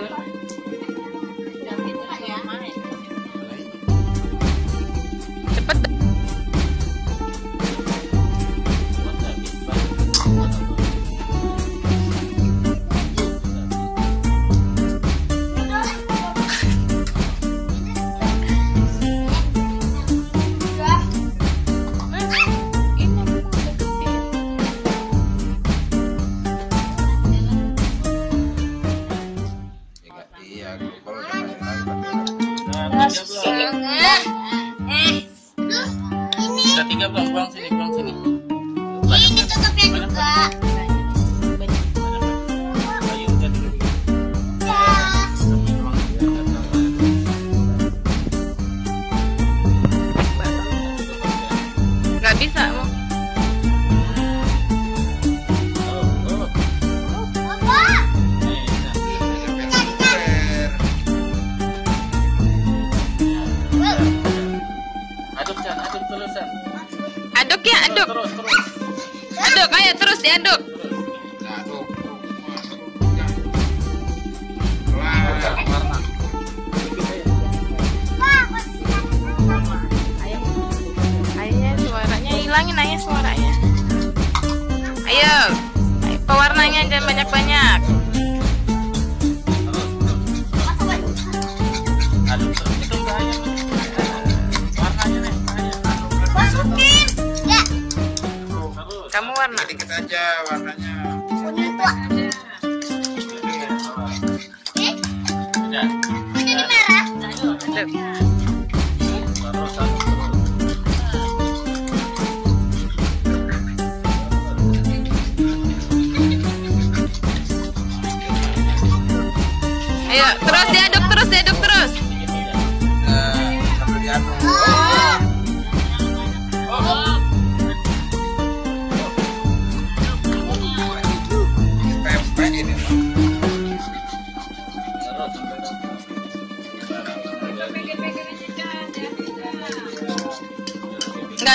later Nah, Udah tiga belum? Buang sini, buang sini. ini juga. Ya, ya. Gak bisa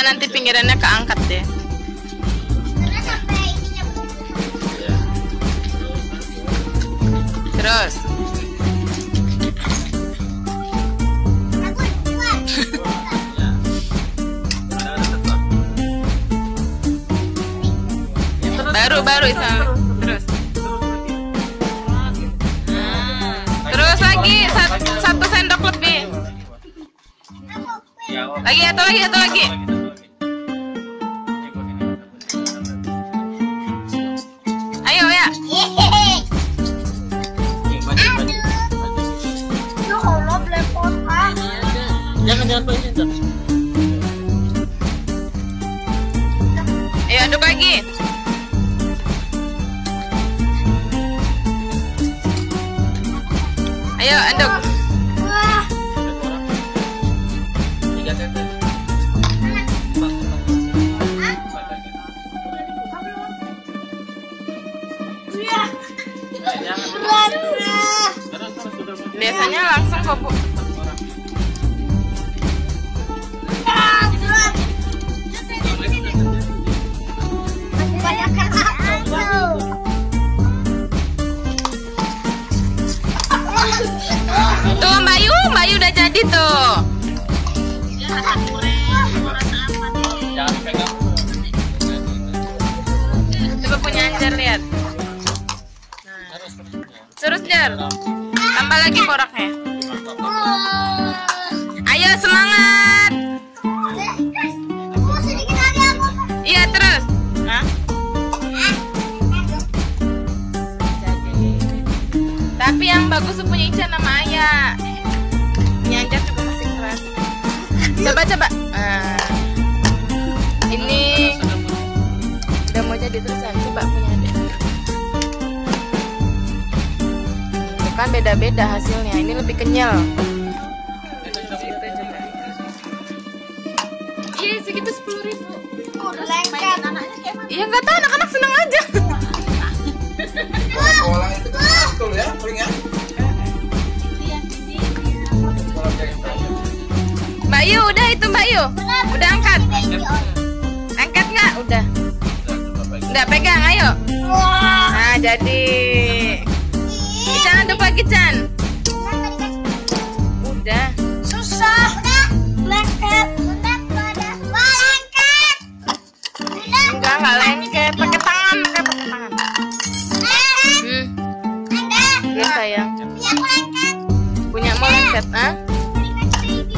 nanti pinggirannya keangkat deh. Ya. Terus. baru baru itu terus ah. terus lagi satu, satu sendok lebih lagi atau lagi atau lagi jangan ayo aduk lagi ayo aduk iya. biasanya langsung kok bu itu. Coba punya Anjar lihat. Nah. Terus Jar. Tambah lagi koraknya. Ayo semangat. Iya terus. Hah? Tapi yang bagus punya Ica nama Ayah. coba coba uh, ini udah mau jadi terusan coba punya deh kan beda-beda hasilnya ini lebih kenyal iya segitu sepuluh ribu oh, lengket iya nggak tahu anak-anak seneng aja bola itu kan betul ya sering ya iya. Mbak Yu udah itu Mbak Yu udah angkat angkat nggak udah nggak pegang ayo nah jadi Ican aduk lagi udah susah lengket lengket enggak enggak lengket pakai pakai tangan hmm. Iya sayang. Punya mau lengket, ah?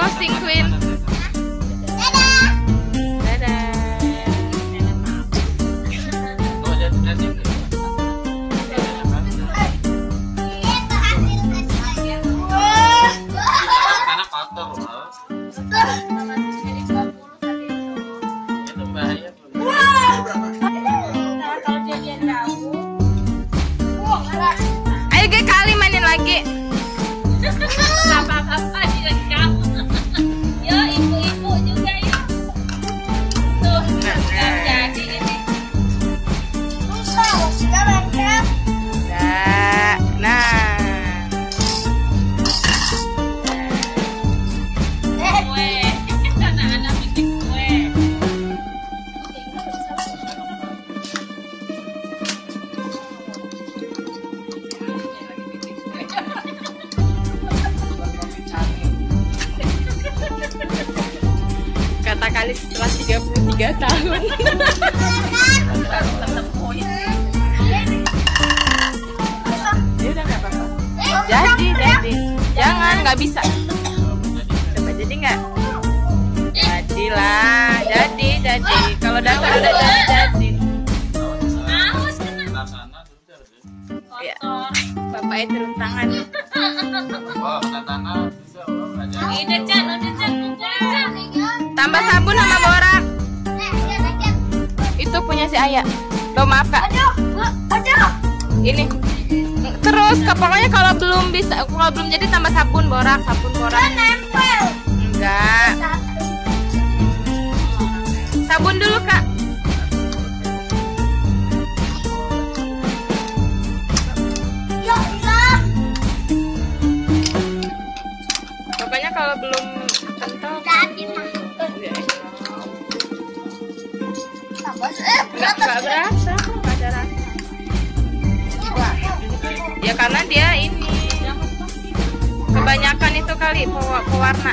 crossing Queen. sekali setelah 33 tahun jadi jadi jangan nggak bisa coba jadi nggak jadilah jadi jadi kalau datang udah jadi jadi kan? ya bapaknya turun tangan tambah sabun sama borak itu punya si ayah lo maaf kak ini terus pokoknya kalau belum bisa kalau belum jadi tambah sabun borak sabun borak enggak sabun dulu kak nggak berasa kok nggak ada rasa ya karena dia ini kebanyakan itu kali pewarna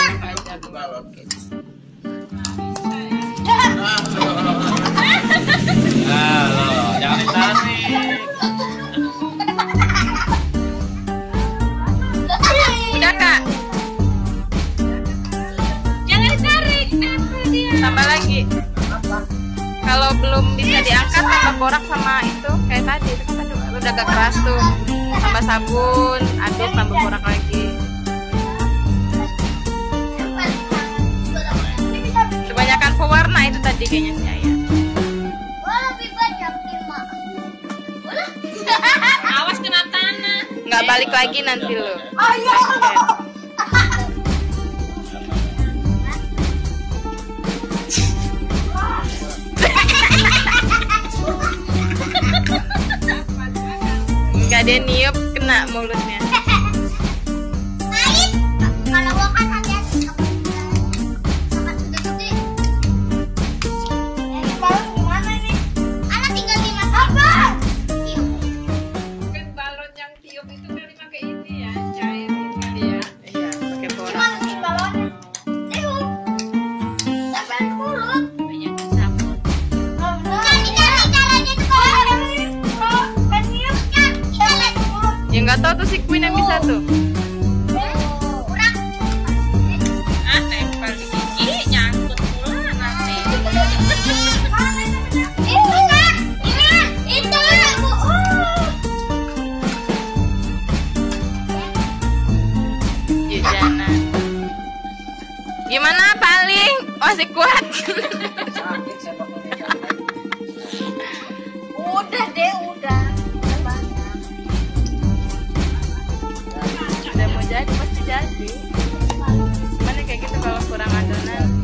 jangan ditarik udah kak jangan ditarik tambah lagi kalau belum bisa diangkat tambah borak sama itu kayak tadi itu udah agak keras tuh tambah sabun aduk tambah borak lagi kebanyakan pewarna itu tadi kayaknya sih nggak balik lagi nanti lu oh, ayo iya. Gak ada niup kena mulutnya Gimana paling? Masih oh, kuat. udah deh, udah. Udah mau jadi pasti jadi. Mana kayak gitu kalau kurang adonan.